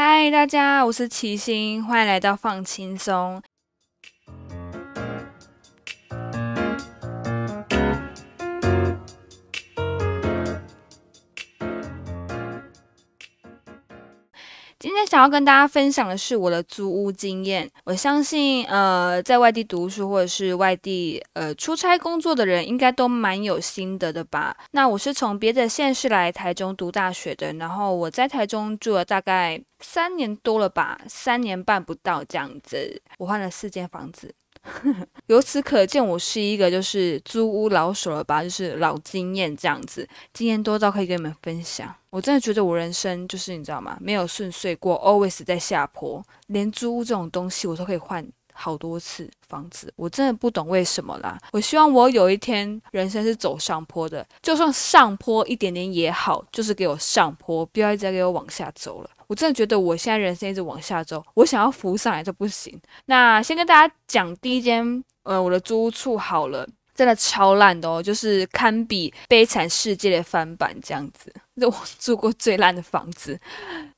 嗨，Hi, 大家，我是齊心，歡迎來到放輕鬆。今天想要跟大家分享的是我的租屋經驗。我相信，呃，在外地讀書或者是外地，呃，出差工作的人，應該都蠻有心得的吧？那我是從別的縣市來台中讀大學的，然後我在台中住了大概三年多了吧，三年半不到這樣子，我換了四間房子。 由此可見，我是一個就是租屋老手了吧，就是老經驗這樣子，經驗多到可以跟你們分享。我真的覺得我人生就是你知道嗎，沒有順遂過，always 在下坡，連租屋這種東西我都可以換。好多次房子，我真的不懂為什麼啦！我希望我有一天人生是走上坡的，就算上坡一點點也好，就是給我上坡，不要一直在給我往下走了。我真的覺得我現在人生一直往下走，我想要浮上來都不行。那先跟大家講第一間，呃，我的租屋處好了，真的超爛的哦，就是堪比《悲慘世界》的翻版這樣子。我住過最爛的房子，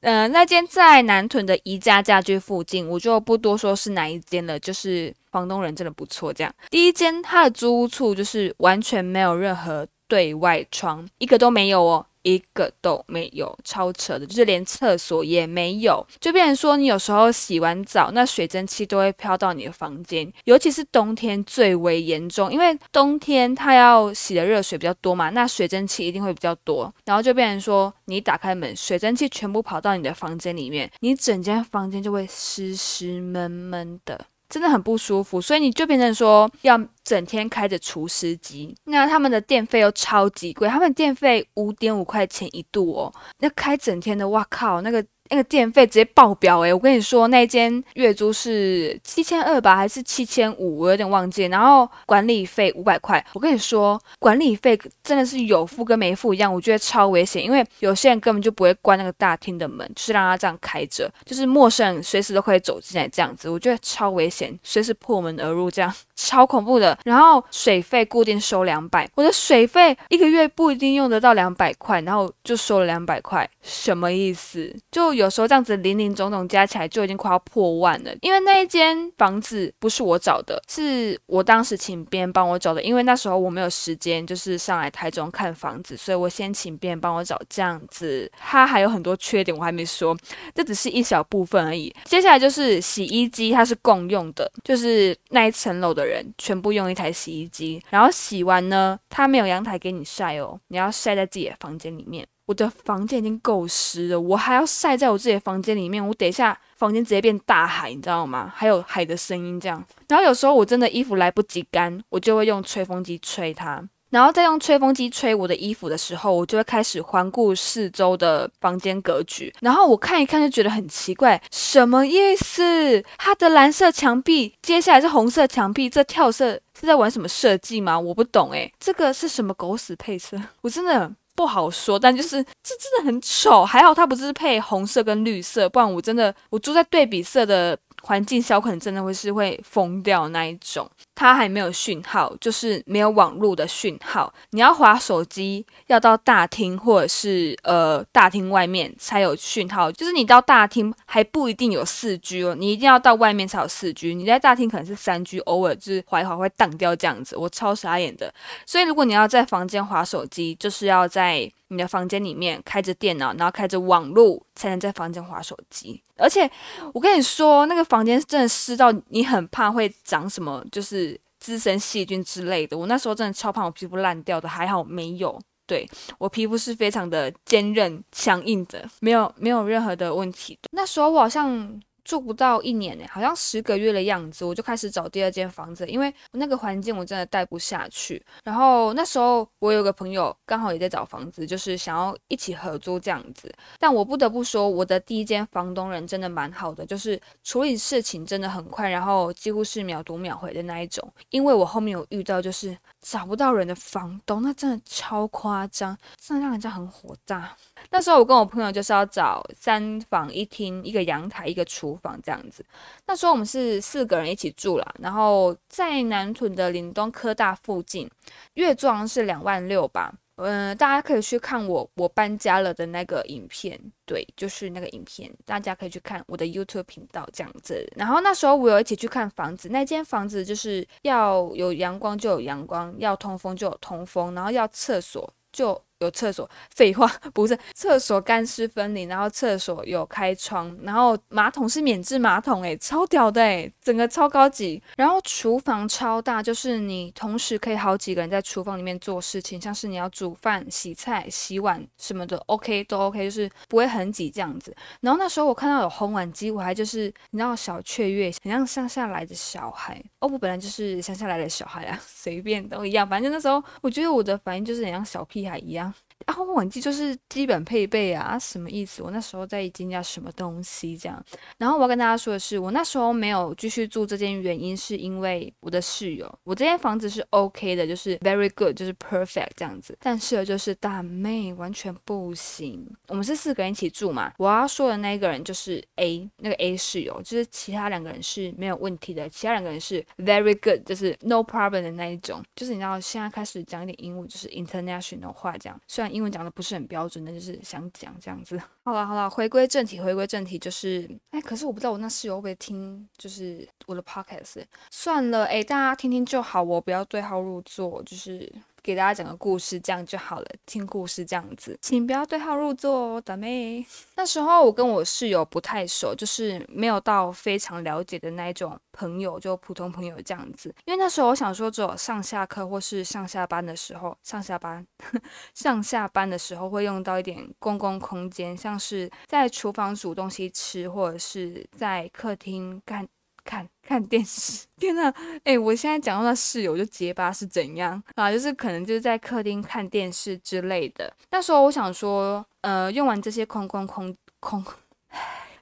嗯、呃，那間在南屯的宜家家居附近，我就不多說是哪一間了。就是房東人真的不錯，這樣。第一間他的租屋處就是完全沒有任何對外窗，一個都沒有哦。一個都沒有，超扯的，就是連廁所也沒有。就變成說，你有時候洗完澡，那水蒸氣都會飄到你的房間，尤其是冬天最為嚴重，因為冬天它要洗的熱水比較多嘛，那水蒸氣一定會比較多。然後就變成說，你打開門，水蒸氣全部跑到你的房間裡面，你整間房間就會濕濕悶悶的。真的很不舒服，所以你就變成說要整天開着除濕機。那他們的電費又超級貴，他們電費五點五塊錢一度哦。那開整天的，哇靠，那個。那個電費直接爆表哎！我跟你說，那間月租是七千二吧，還是七千五？我有點忘記。然後管理費五百塊，我跟你說，管理費真的是有付跟沒付一樣，我覺得超危險。因為有些人根本就不會關那個大廳的門，就是讓他這樣開着，就是陌生人隨時都可以走進來這樣子，我覺得超危險，隨時破門而入這樣，超恐怖的。然後水費固定收兩百，我的水費一個月不一定用得到兩百塊，然後就收了兩百塊，什麼意思？就。有時候這樣子零零總總加起來就已經快要破萬了，因為那一間房子不是我找的，是我當時請別人幫我找的，因為那時候我沒有時間，就是上來台中看房子，所以我先請別人幫我找。這樣子，它還有很多缺點我還沒說，這只是一小部分而已。接下來就是洗衣機，它是共用的，就是那一層樓的人全部用一台洗衣機，然後洗完呢，它沒有陽台給你曬哦，你要曬在自己的房間裡面。我的房間已經夠濕了，我還要曬在我自己的房間裡面，我等一下房間直接變大海，你知道嗎？還有海的聲音這樣。然後有時候我真的衣服來不及乾，我就會用吹風機吹它，然後再用吹風機吹我的衣服的時候，我就會開始環顧四周的房間格局。然後我看一看就覺得很奇怪，什麼意思？它的藍色牆壁，接下來是紅色牆壁，這跳色是在玩什麼設計嗎？我不懂誒、欸，這個是什麼狗屎配色？我真的。不好說，但就是這真的很醜。還好它不是配紅色跟綠色，不然我真的，我住在對比色的環境下，我可能真的會是會瘋掉那一種。它還沒有訊號，就是沒有網絡的訊號。你要滑手機，要到大廳或者是呃大廳外面才有訊號。就是你到大廳還不一定有四 G 哦，你一定要到外面才有四 G。你在大廳可能是三 G，偶爾就是滑一滑會蕩掉這樣子。我超傻眼的。所以如果你要在房間滑手機，就是要在你的房間裡面開着電腦，然後開着網絡，才能在房間滑手機。而且我跟你說，那個房間真的濕到你很怕會長什麼，就是。滋生細菌之類的，我那時候真的超怕，我皮膚爛掉的，還好沒有。對，我皮膚是非常的堅韌、強硬的，沒有沒有任何的問題。對，那時候我好像。住不到一年耶，好像十個月的樣子，我就開始找第二間房子，因為那個環境我真的待不下去。然後那時候我有個朋友剛好也在找房子，就是想要一起合租這樣子。但我不得不說，我的第一間房東人真的蠻好的，就是處理事情真的很快，然後幾乎是秒讀秒回的那一種。因為我後面有遇到就是。找不到人的房東，那真的超誇張，真的讓人家很火大。那時候我跟我朋友就是要找三房一廳，一個陽台，一個廚房這樣子。那時候我們是四個人一起住啦，然後在南屯的嶺東科大附近，月租好像是兩萬六吧。嗯，大家可以去看我我搬家了的那個影片，對，就是那個影片，大家可以去看我的 YouTube 頻道這樣子，然後那時候我有一起去看房子，那間房子就是要有陽光就有陽光，要通風就有通風，然後要廁所就。有廁所，廢話，不是廁所乾濕分離，然後廁所有開窗，然後馬桶是免治馬桶，哎，超屌的哎，整個超高級。然後廚房超大，就是你同時可以好幾個人在廚房裡面做事情，像是你要煮飯、洗菜、洗碗什麼的，OK 都 OK，就是不會很擠這樣子。然後那時候我看到有烘碗機，我還就是你知道小雀躍，很像鄉下來的小孩，哦，我本來就是鄉下來的小孩啊，隨便都一樣，反正那時候我覺得我的反應就是很像小屁孩一樣。然後我忘記就是基本配備啊，什麼意思？我那時候在驚訝什麼東西這樣。然後我要跟大家說的是，我那時候沒有繼續住這間原因是因為我的室友。我這間房子是 OK 的，就是 very good，就是 perfect 這樣子。但是就是大妹完全不行。我們是四個人一起住嘛？我要說的那一個人就是 A 那個 A 室友，就是其他兩個人是沒有問題的，其他兩個人是 very good，就是 no problem 的那一種。就是你知道，現在開始講一點英文，就是 international 話這樣，雖然。英文講的不是很標準的，那就是想講這樣子。好了好了，回歸正題，回歸正題就是，哎，可是我不知道我那室友會不會聽，就是我的 podcast 算了，哎，大家聽聽就好，我不要對號入座，就是。給大家講個故事，這樣就好了。聽故事這樣子，請不要對號入座哦，達咩。那時候我跟我室友不太熟，就是沒有到非常了解的那一種朋友，就普通朋友這樣子。因為那時候我想說，只有上下課或是上下班的時候，上下班、 上下班的時候會用到一點公共空間，像是在廚房煮東西吃，或者是在客廳乾。看看電視，天哪！哎，我現在講到他室友就結巴是怎樣啊？就是可能就是在客廳看電視之類的。那時候我想說，呃，用完這些空空空空。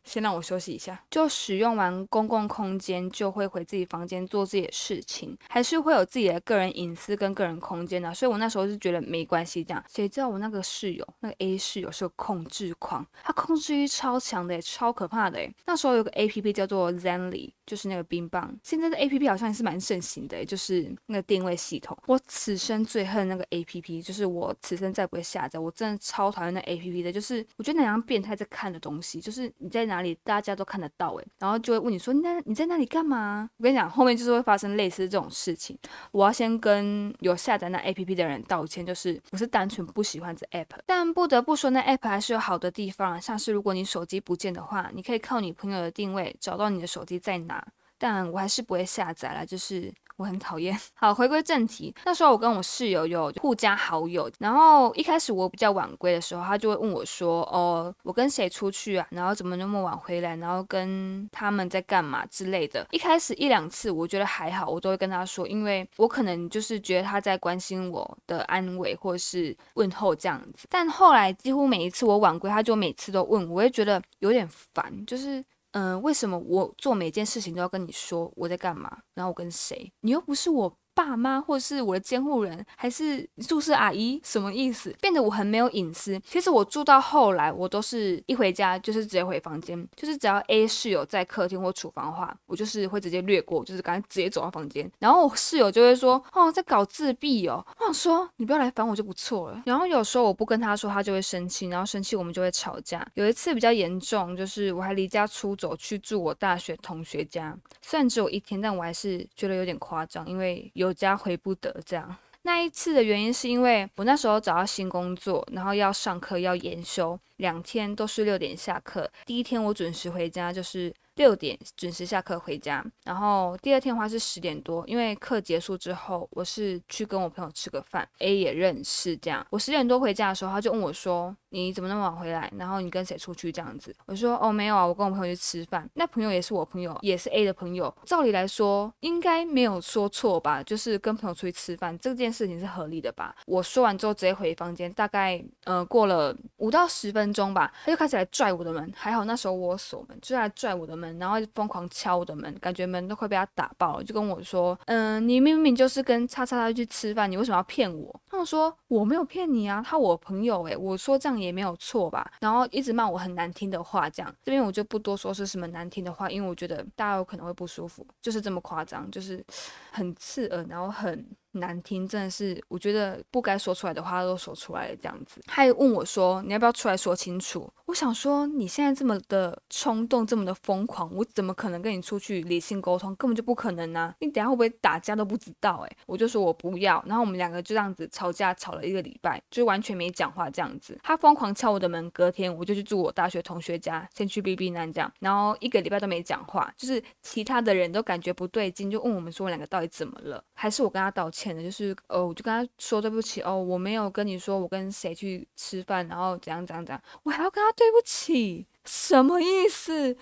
先讓我休息一下，就使用完公共空間，就會回自己房間做自己的事情，還是會有自己的個人隱私跟個人空間的啊。所以我那時候就覺得沒關係。這樣，誰知道我那個室友，那個 A 室友是個控制狂，他控制慾超強的，超可怕的。那時候有個 A P P 叫做 Zenly，就是那個冰棒。現在的 A P P 好像也是蠻盛行的，就是那個定位系統。我此生最恨那個 A P P，就是我此生再不會下載。我真的超討厭那 A P P 的，就是我覺得哪樣變態在看的東西，就是你在哪。哪裡大家都看得到哎，然後就會問你說，你在你在那裡幹嘛？我跟你講，後面就是會發生類似這種事情。我要先跟有下載那 APP 的人道歉，就是我是單純不喜歡這 APP，但不得不說那 APP 還是有好的地方啊，像是如果你手機不見的話，你可以靠你朋友的定位找到你的手機在哪。但我還是不會下載了，就是。我很討厭。好，回歸正題。那時候我跟我室友有互加好友，然後一開始我比較晚歸的時候，他就會問我說：“哦，我跟誰出去啊？然後怎麼那麼晚回來？然後跟他們在幹嘛之類的？”一開始一兩次我覺得還好，我都會跟他說，因為我可能就是覺得他在關心我的安危或是問候這樣子。但後來幾乎每一次我晚歸，他就每次都問，我會覺得有點煩，就是。嗯、呃，為什麼我做每件事情都要跟你說我在幹嘛？然後我跟誰？你又不是我爸媽，或者是我的監護人，還是宿舍阿姨，什麼意思？變得我很沒有隱私。其實我住到後來，我都是一回家就是直接回房間，就是只要 A 室友在客廳或廚房的話，我就是會直接略過，就是趕緊直接走到房間。然後我室友就會說：“哦，在搞自閉哦。”我想說，你不要來煩我就不錯了。然後有時候我不跟他說，他就會生氣，然後生氣我們就會吵架。有一次比較嚴重，就是我還離家出走去住我大學同學家，雖然只有一天，但我還是覺得有點誇張，因為有。有家回不得這樣，那一次的原因是因為我那時候找到新工作，然後要上課要研修，兩天都是六點下課。第一天我準時回家，就是，六點準時下課回家，然後第二天的話是十點多，因為課結束之後，我是去跟我朋友吃個飯，A 也認識這樣。我十點多回家的時候，他就問我說：“你怎麼那麼晚回來？然後你跟誰出去？”這樣子，我說：“哦，沒有啊，我跟我朋友去吃飯。”那朋友也是我朋友，也是 A 的朋友。照理來說，應該沒有說錯吧？就是跟朋友出去吃飯這件事情是合理的吧？我說完之後，直接回房間，大概呃過了五到十分鐘吧，他就開始來拽我的門。還好那時候我鎖門，就來拽我的門。然後瘋狂敲我的門，感覺門都快被他打爆了，就跟我說：“嗯、呃，你明明就是跟叉叉叉去吃飯，你為什麼要騙我？”他說：“我沒有騙你啊，他我朋友。”哎，我說這樣也沒有錯吧？然後一直罵我很難聽的話，這樣這邊我就不多說是什麼難聽的話，因為我覺得大家有可能會不舒服，就是這麼誇張，就是很刺耳，然後很。難聽真的是，我覺得不該說出來的話都說出來了，這樣子。他還問我說：“你要不要出來說清楚？”我想說：“你現在這麼的衝動，這麼的瘋狂，我怎麼可能跟你出去理性溝通？根本就不可能呢？啊，你等下會不會打架都不知道？欸。哎，我就說我不要。然後我們兩個就這樣子吵架，吵了一個禮拜，就完全沒講話這樣子。他瘋狂敲我的門，隔天我就去住我大學同學家，先去避避難，這樣。然後一個禮拜都沒講話，就是其他的人都感覺不對勁，就問我們說我兩個到底怎麼了？還是我跟他道歉？可能就是，哦，我就跟他說對不起，哦，我沒有跟你說我跟誰去吃飯，然後怎樣怎樣怎樣，我還要跟他對不起，什麼意思？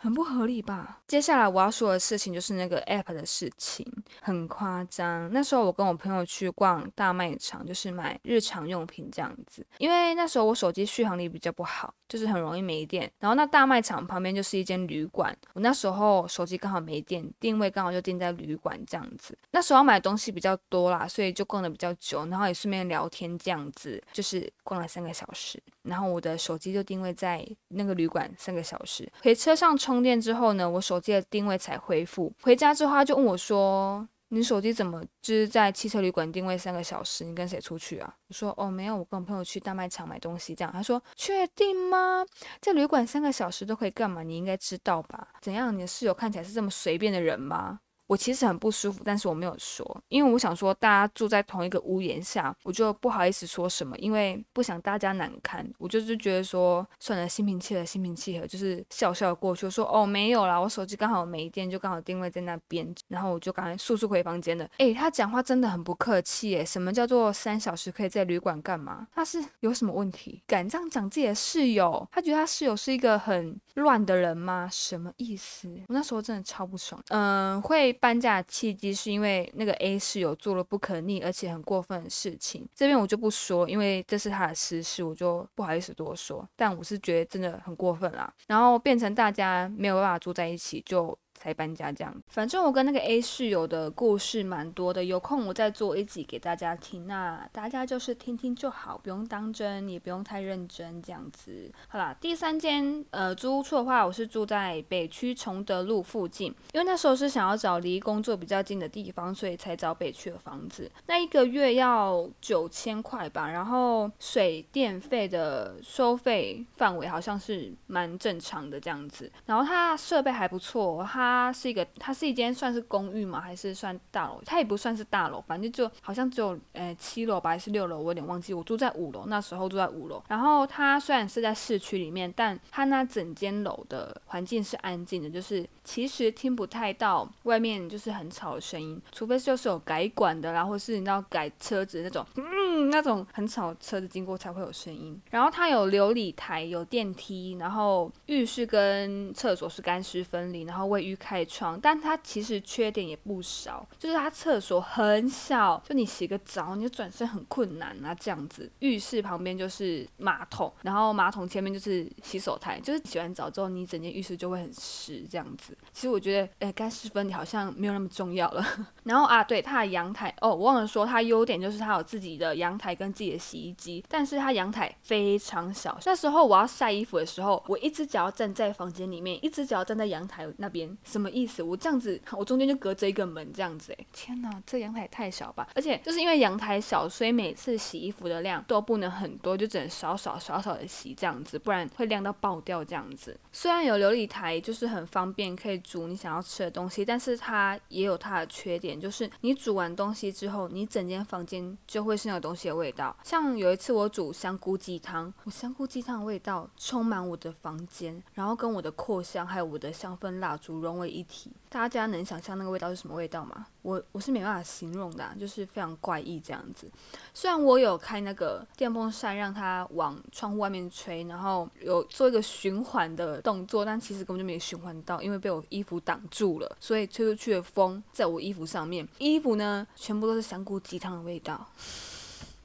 很不合理吧？接下來我要說的事情就是那個 APP 的事情，很誇張。那時候我跟我朋友去逛大賣場，就是買日常用品這樣子。因為那時候我手機續航力比較不好，就是很容易沒電。然後那大賣場旁邊就是一間旅館，我那時候手機剛好沒電，定位剛好就定在旅館這樣子。那時候要買的東西比較多啦，所以就逛得比較久，然後也順便聊天這樣子，就是逛了三個小時。然後我的手機就定位在那個旅館三個小時，可以車上。充電之後呢，我手機的定位才恢復。回家之後他就問我說：“你手機怎麼知、就是、在汽車旅館定位三個小時？你跟誰出去啊？”我說：“哦，沒有，我跟我朋友去大賣場買東西這樣。”他說：“確定嗎？在旅館三個小時都可以幹嘛？你應該知道吧？怎樣？你的室友看起來是這麼隨便的人嗎？”我其實很不舒服，但是我沒有說，因為我想說大家住在同一個屋檐下，我就不好意思說什麼，因為不想大家難堪。我就是覺得說，算了，心平氣和，心平氣和，就是笑笑過去。我說哦，沒有啦，我手機剛好沒電，就剛好定位在那邊，然後我就趕快速速回房間了。誒，他講話真的很不客氣，誒，什麼叫做三小時可以在旅館幹嘛？他是有什麼問題？敢這樣講自己的室友？他覺得他室友是一個很亂的人嗎？什麼意思？我那時候真的超不爽，嗯，會。搬家的契機是因為那個 A 室友做了不可逆而且很過分的事情，這邊我就不說，因為這是他的私事，我就不好意思多說。但我是覺得真的很過分啦，然後變成大家沒有辦法住在一起，就。才搬家這樣反正我跟那個 A 室友的故事蠻多的，有空我再做一集給大家聽那大家就是聽聽就好，不用當真，也不用太認真這樣子。好啦，第三間呃租屋處的話，我是住在北區崇德路附近，因為那時候是想要找離工作比較近的地方，所以才找北區的房子。那一個月要九千塊吧，然後水電費的收費範圍好像是蠻正常的這樣子，然後它設備還不錯，它。它是一個，它是一間算是公寓嗎？還是算大樓？它也不算是大樓，反正就好像只有，呃、欸、七樓吧，還是六樓？我有點忘記。我住在五樓，那時候住在五樓。然後它雖然是在市區裡面，但它那整間樓的環境是安靜的，就是其實聽不太到外面就是很吵的聲音，除非是就是有改管的，然後是你知道改車子那種，嗯，那種很吵車子經過才會有聲音。然後它有流理台，有電梯，然後浴室跟廁所是乾濕分離，然後衛浴。開窗，但它其實缺點也不少，就是它廁所很小，就你洗個澡，你就轉身很困難啊。這樣子，浴室旁邊就是馬桶，然後馬桶前面就是洗手台，就是洗完澡之後，你整間浴室就會很濕，這樣子。其實我覺得，誒，乾濕分離好像沒有那麼重要了。然後啊，對它的陽台，哦，我忘了說它優點就是它有自己的陽台跟自己的洗衣機，但是它陽台非常小。那時候我要曬衣服的時候，我一隻腳站在房間裡面，一隻腳站在陽台那邊。什麼意思？我這樣子，我中間就隔着一個門這樣子哎。天哪，這陽台也太小吧！而且就是因為陽台小，所以每次洗衣服的量都不能很多，就只能少少少少少的洗這樣子，不然會晾到爆掉這樣子。雖然有流理台，就是很方便可以煮你想要吃的東西，但是它也有它的缺點，就是你煮完東西之後，你整間房間就會是那個東西的味道。像有一次我煮香菇雞湯，我香菇雞湯的味道充滿我的房間，然後跟我的擴香還有我的香氛蠟燭融為一體，大家能想象那個味道是什麼味道嗎？我我是沒辦法形容的啊，就是非常怪異這樣子。雖然我有開那個電風扇讓它往窗戶外面吹，然後有做一個循環的動作，但其實根本就沒循環到，因為被我衣服擋住了，所以吹出去的風在我衣服上面，衣服呢全部都是香菇雞湯的味道。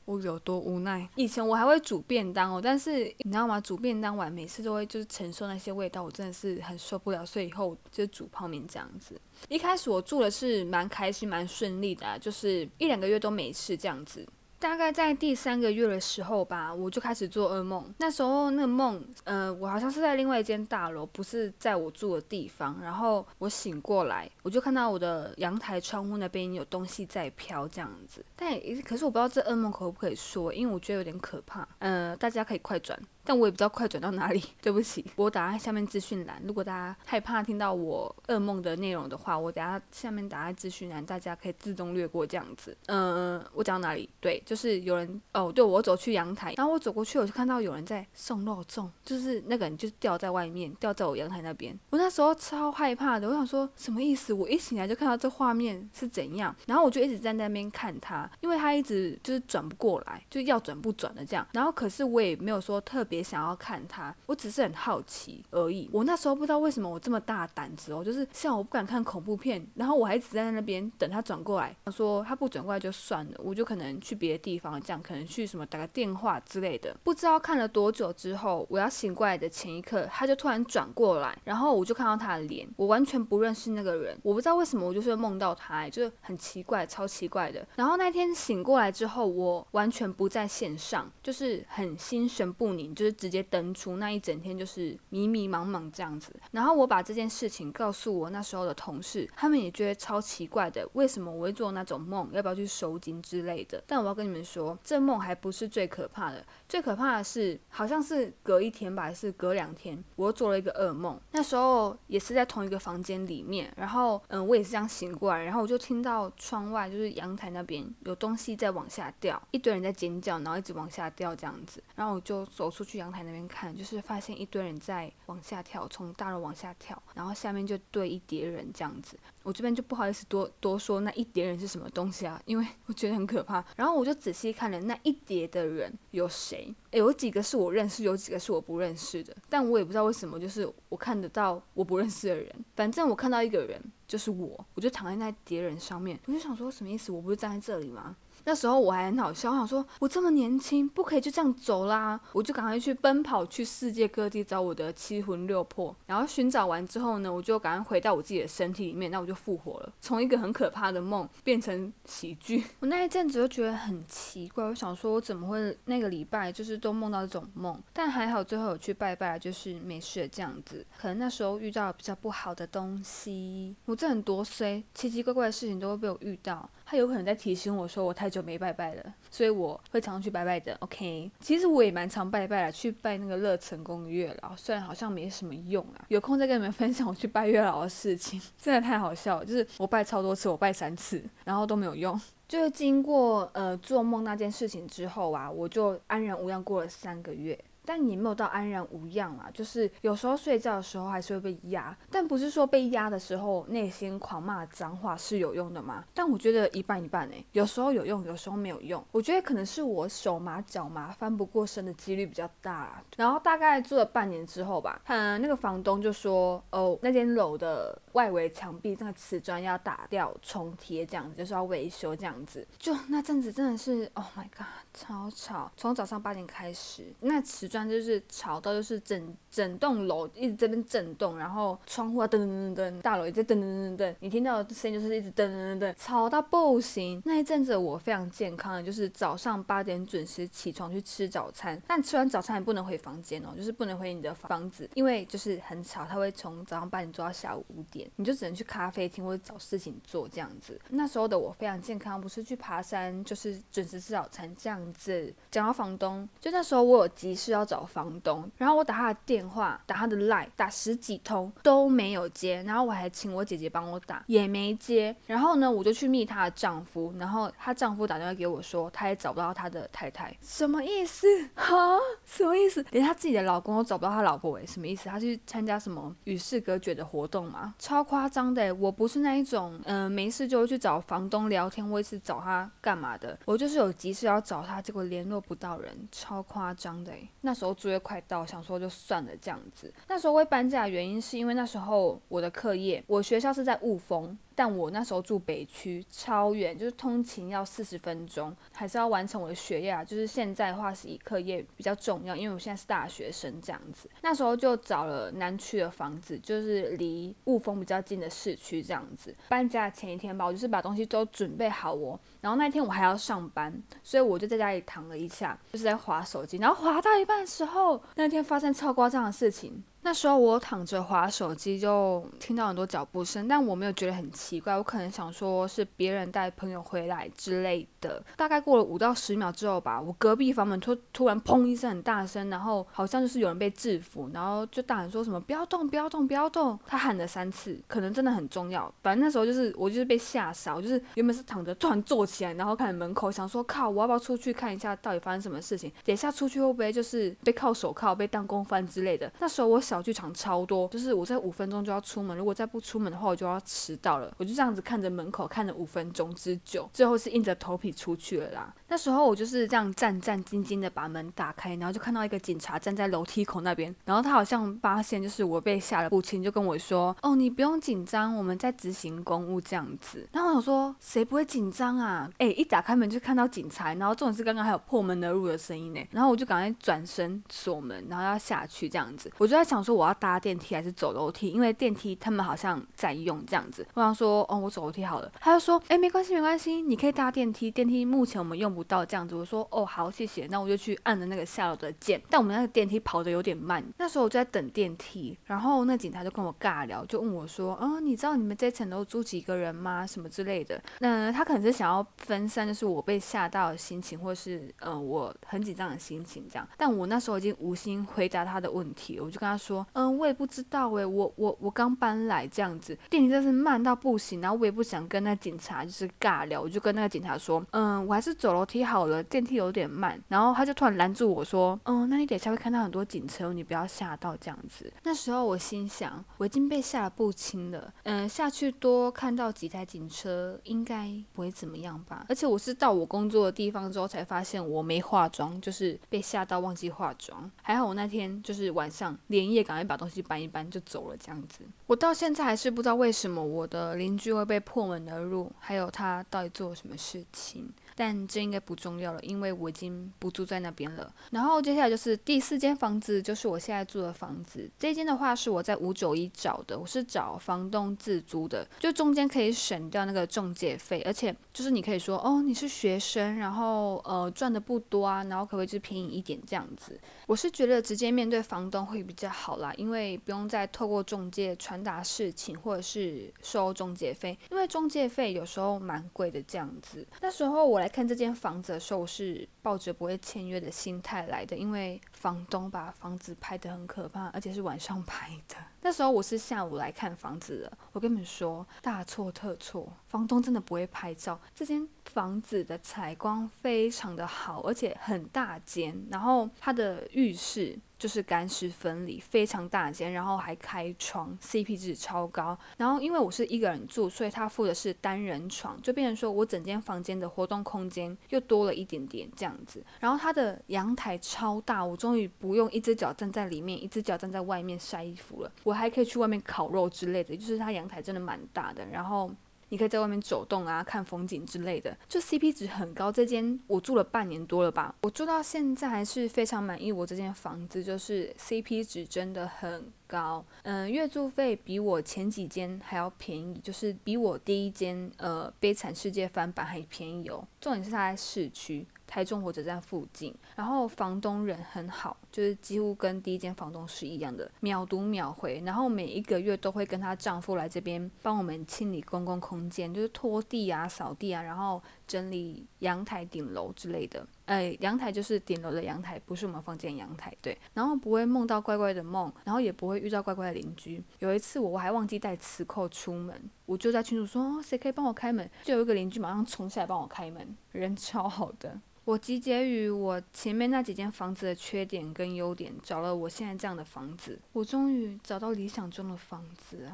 我有多無奈？以前我還會煮便當哦，但是你知道嗎？煮便當晚每次都會就是承受那些味道，我真的是很受不了。所以以後就煮泡麵這樣子。一開始我住的是蠻開心、蠻順利的、啊，就是一兩個月都沒事這樣子。大概在第三個月的時候吧，我就開始做噩夢。那時候那個夢，呃，我好像是在另外一間大樓，不是在我住的地方。然後我醒過來，我就看到我的陽台窗戶那邊有東西在飄，這樣子。但也可是我不知道這噩夢可不可以說，因為我覺得有點可怕。呃，大家可以快轉。但我也不知道快轉到哪裡， 對不起，我打開下面資訊欄。如果大家害怕聽到我噩夢的內容的話，我等下下面打開資訊欄，大家可以自動略過這樣子。嗯，我講到哪裡？對，就是有人哦，對我走去陽台，然後我走過去，我就看到有人在送肉粽，就是那個人就掉在外面，掉在我陽台那邊。我那時候超害怕的，我想說什麼意思？我一醒來就看到這畫面是怎樣？然後我就一直站在那邊看他，因為他一直就是轉不過來，就要轉不轉的這樣。然後可是我也沒有說特別。別想要看他，我只是很好奇而已。我那時候不知道為什麼我這麼大膽子哦，就是像我不敢看恐怖片，然後我還一直在那邊等他轉過來，他說他不轉過來就算了，我就可能去別的地方，這樣可能去什麼打個電話之類的。不知道看了多久之後，我要醒過來的前一刻，他就突然轉過來，然後我就看到他的臉，我完全不認識那個人，我不知道為什麼我就是會夢到他，就是很奇怪，超奇怪的。然後那天醒過來之後，我完全不在線上，就是很心神不寧就。就是直接登出那一整天，就是迷迷茫茫這樣子。然後我把這件事情告訴我那時候的同事，他們也覺得超奇怪的，為什麼我會做那種夢？要不要去收驚之類的？但我要跟你們說，這夢還不是最可怕的，最可怕的是好像是隔一天吧，還是隔兩天，我又做了一個噩夢。那時候也是在同一個房間裡面，然後嗯，我也是這樣醒過來，然後我就聽到窗外就是陽台那邊有東西在往下掉，一堆人在尖叫，然後一直往下掉這樣子，然後我就走出去。去陽台那邊看，就是發現一堆人在往下跳，從大樓往下跳，然後下面就對一疊人這樣子。我這邊就不好意思多多說那一疊人是什麼東西啊，因為我覺得很可怕。然後我就仔細看了那一疊的人有誰？欸，有幾個是我認識，有幾個是我不認識的。但我也不知道為什麼，就是我看得到我不認識的人。反正我看到一個人，就是我，我就躺在那疊人上面，我就想說什麼意思？我不是站在這裡嗎？那時候我還很好笑，我想說，我這麼年輕，不可以就這樣走啦！我就趕快去奔跑，去世界各地找我的七魂六魄。然後尋找完之後呢，我就趕快回到我自己的身體裡面，那我就復活了，從一個很可怕的夢變成喜劇。我那一陣子就覺得很奇怪，我想說，我怎麼會那個禮拜就是都夢到這種夢？但還好，最後有去拜拜，就是沒事的這樣子。可能那時候遇到了比較不好的東西，我這很多衰，奇奇怪怪的事情都會被我遇到。他有可能在提醒我說，我太久沒拜拜了，所以我會常常去拜拜的。OK，其實我也蠻常拜拜了，去拜那個樂成宮月老，雖然好像沒什麼用啊。有空再跟你們分享我去拜月老的事情，真的太好笑了。就是我拜超多次，我拜三次，然後都沒有用。就是經過呃做夢那件事情之後啊，我就安然無恙過了三個月。但你沒有到安然無恙啊，就是有時候睡覺的時候還是會被壓，但不是說被壓的時候內心狂罵髒話是有用的嗎？但我覺得一半一半呢、欸，有時候有用，有時候沒有用。我覺得可能是我手麻腳麻翻不過身的幾率比較大、啊。然後大概住了半年之後吧，嗯，那個房東就說，哦，那間樓的外圍牆壁那個瓷磚要打掉重貼，這樣子就是要維修這樣子。就那陣子真的是，Oh my god，超吵，從早上八點開始，那瓷。就是吵到就是整整棟樓一直這邊震動，然後窗戶啊噔噔噔，大樓也在噔噔噔噔噔，你聽到的聲音就是一直噔噔噔噔，吵到不行。那一陣子我非常健康的，就是早上八點準時起床去吃早餐，但吃完早餐也不能回房間哦，就是不能回你的房子，因為就是很吵，他會從早上八點做到下午五點，你就只能去咖啡廳或者找事情做這樣子。那時候的我非常健康，不是去爬山就是準時吃早餐這樣子。講到房東，就那時候我有急事要。找房東，然後我打他的電話，打他的 line，打十幾通都沒有接，然後我還請我姐姐幫我打，也沒接。然後呢，我就去密她的丈夫，然後她丈夫打電話給我說，他也找不到他的太太，什麼意思啊？什麼意思？連他自己的老公都找不到他老婆，欸，哎，什麼意思？他去參加什麼與世隔絕的活動嘛？超誇張的、欸、我不是那一種，嗯、呃，沒事就會去找房東聊天，我是找他幹嘛的？我就是有急事要找他，結果聯絡不到人，超誇張的那、欸。那時候租約快到，想說就算了這樣子。那時候會搬家的原因是因為那時候我的課業，我學校是在霧峰。但我那時候住北區，超遠，就是通勤要四十分鐘，還是要完成我的學業啊。就是現在的話，是以課業比較重要，因為我現在是大學生這樣子。那時候就找了南區的房子，就是離霧峰比較近的市區這樣子。搬家前一天吧，我就是把東西都準備好哦。然後那一天我還要上班，所以我就在家裡躺了一下，就是在滑手機。然後滑到一半的時候，那天發生超誇張的事情。那時候我躺着滑手機，就聽到很多腳步聲，但我沒有覺得很奇怪。我可能想說是別人帶朋友回來之類的。大概過了五到十秒之後吧，我隔壁房門突突然砰一聲很大聲，然後好像就是有人被制服，然後就大喊說什麼“不要動，不要動，不要動”。他喊了三次，可能真的很重要。反正那時候就是我就是被嚇傻，我就是原本是躺着，突然坐起來，然後看門口，想說靠，我要不要出去看一下到底發生什麼事情？等一下出去會不會就是被銬手銬，被當共犯之類的？那時候我想。小劇場超多，就是我在五分鐘就要出門，如果再不出門的話，我就要遲到了。我就這樣子看着門口，看了五分鐘之久，最後是硬着頭皮出去了啦。那時候我就是這樣戰戰兢兢的把門打開，然後就看到一個警察站在樓梯口那邊，然後他好像發現就是我被嚇了父親就跟我說：“哦，你不用緊張，我們在執行公務這樣子。”然後我想說，誰不會緊張啊？哎，一打開門就看到警察，然後重點是剛剛還有破門而入的聲音呢。然後我就趕快轉身鎖門，然後要下去這樣子。我就在想。我說我要搭電梯還是走樓梯？因為電梯他們好像在用這樣子。我想說，哦，我走樓梯好了。他就說，哎，沒關係，沒關係，你可以搭電梯。電梯目前我們用不到這樣子。我說，哦，好，謝謝。那我就去按着那個下樓的鍵。但我們那個電梯跑得有點慢。那時候我就在等電梯，然後那警察就跟我尬聊，就問我說，嗯、哦，你知道你們這層樓住幾個人嗎？什麼之類的。那他可能是想要分散，就是我被嚇到的心情，或是，嗯、呃，我很緊張的心情這樣。但我那時候已經無心回答他的問題，我就跟他說。說嗯，我也不知道哎，我我我剛搬來這樣子，電梯真是慢到不行，然後我也不想跟那警察就是尬聊，我就跟那個警察說，嗯，我還是走樓梯好了，電梯有點慢。然後他就突然攔住我說，嗯，那你等一下會看到很多警車，你不要嚇到這樣子。那時候我心想，我已經被嚇得不輕了，嗯，下去多看到幾台警車應該不會怎麼樣吧。而且我是到我工作的地方之後才發現我沒化妝，就是被嚇到忘記化妝。還好我那天就是晚上連夜。趕快把東西搬一搬就走了，這樣子。我到現在還是不知道為什麼我的鄰居會被破門而入，還有他到底做了什麼事情。但這應該不重要了，因為我已經不住在那邊了。然後接下來就是第四間房子，就是我現在住的房子。這間的話是我在五九一找的，我是找房東自租的，就中間可以省掉那個中介費，而且就是你可以說哦，你是學生，然後呃賺的不多啊，然後可不可以就便宜一點這樣子？我是覺得直接面對房東會比較好啦，因為不用再透過中介傳達事情或者是收中介費，因為中介費有時候蠻貴的這樣子。那時候我來看這間房子的時候，是抱着不會簽約的心態來的，因為。房東把房子拍得很可怕，而且是晚上拍的。那時候我是下午來看房子的，我跟你們說，大錯特錯。房東真的不會拍照。這間房子的採光非常的好，而且很大間。然後它的浴室就是乾濕分離，非常大間，然後還開窗，CP 值超高。然後因為我是一個人住，所以他附的是單人床，就變成說我整間房間的活動空間又多了一點點這樣子。然後它的陽台超大，我中。終於不用一隻腳站在裡面，一隻腳站在外面曬衣服了。我還可以去外面烤肉之類的，就是它陽台真的蠻大的。然後你可以在外面走動啊，看風景之類的，就 CP 值很高。這間我住了半年多了吧，我住到現在還是非常滿意。我這間房子就是 CP 值真的很高，嗯，月租費比我前幾間還要便宜，就是比我第一間呃悲慘世界翻版還便宜哦。重點是它在市區。台中火車站附近，然後房東人很好，就是幾乎跟第一間房東是一樣的，秒讀秒回，然後每一個月都會跟她丈夫來這邊幫我們清理公共空間，就是拖地啊、掃地啊，然後整理陽台、頂樓之類的。誒，陽臺就是頂樓的陽臺，不是我們房間陽臺，對。然後不會夢到怪怪的夢，然後也不會遇到怪怪的鄰居。有一次我，我我還忘記帶磁扣出門，我就在群組說、哦：“誰可以幫我開門？”就有一個鄰居馬上衝下來幫我開門，人超好的。我集結於我前面那幾間房子的缺點跟優點，找了我現在這樣的房子，我終於找到理想中的房子，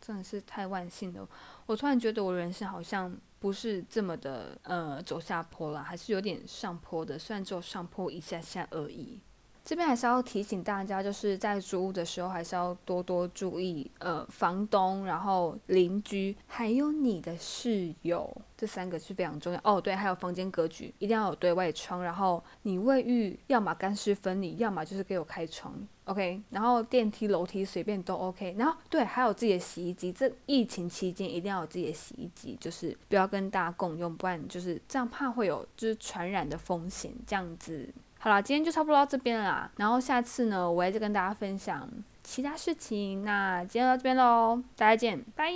真的是太萬幸了。我突然覺得，我人生好像不是這麼的，呃，走下坡了，還是有點上坡的，雖然只有上坡一下下而已。這邊還是要提醒大家，就是在租屋的時候還是要多多注意，呃，房東、然後鄰居，還有你的室友，這三個是非常重要。哦，對，還有房間格局一定要有對外窗，然後你衛浴要麼乾濕分離，要麼就是給我開窗。OK，然後電梯、樓梯隨便都 OK。然後對，還有自己的洗衣機，這疫情期間一定要有自己的洗衣機，就是不要跟大家共用，不然就是這樣怕會有就是傳染的風險，這樣子。好了，今天就差不多到這邊啦。然後下次呢，我也再跟大家分享其他事情。那今天到這邊嘍，大家見，拜。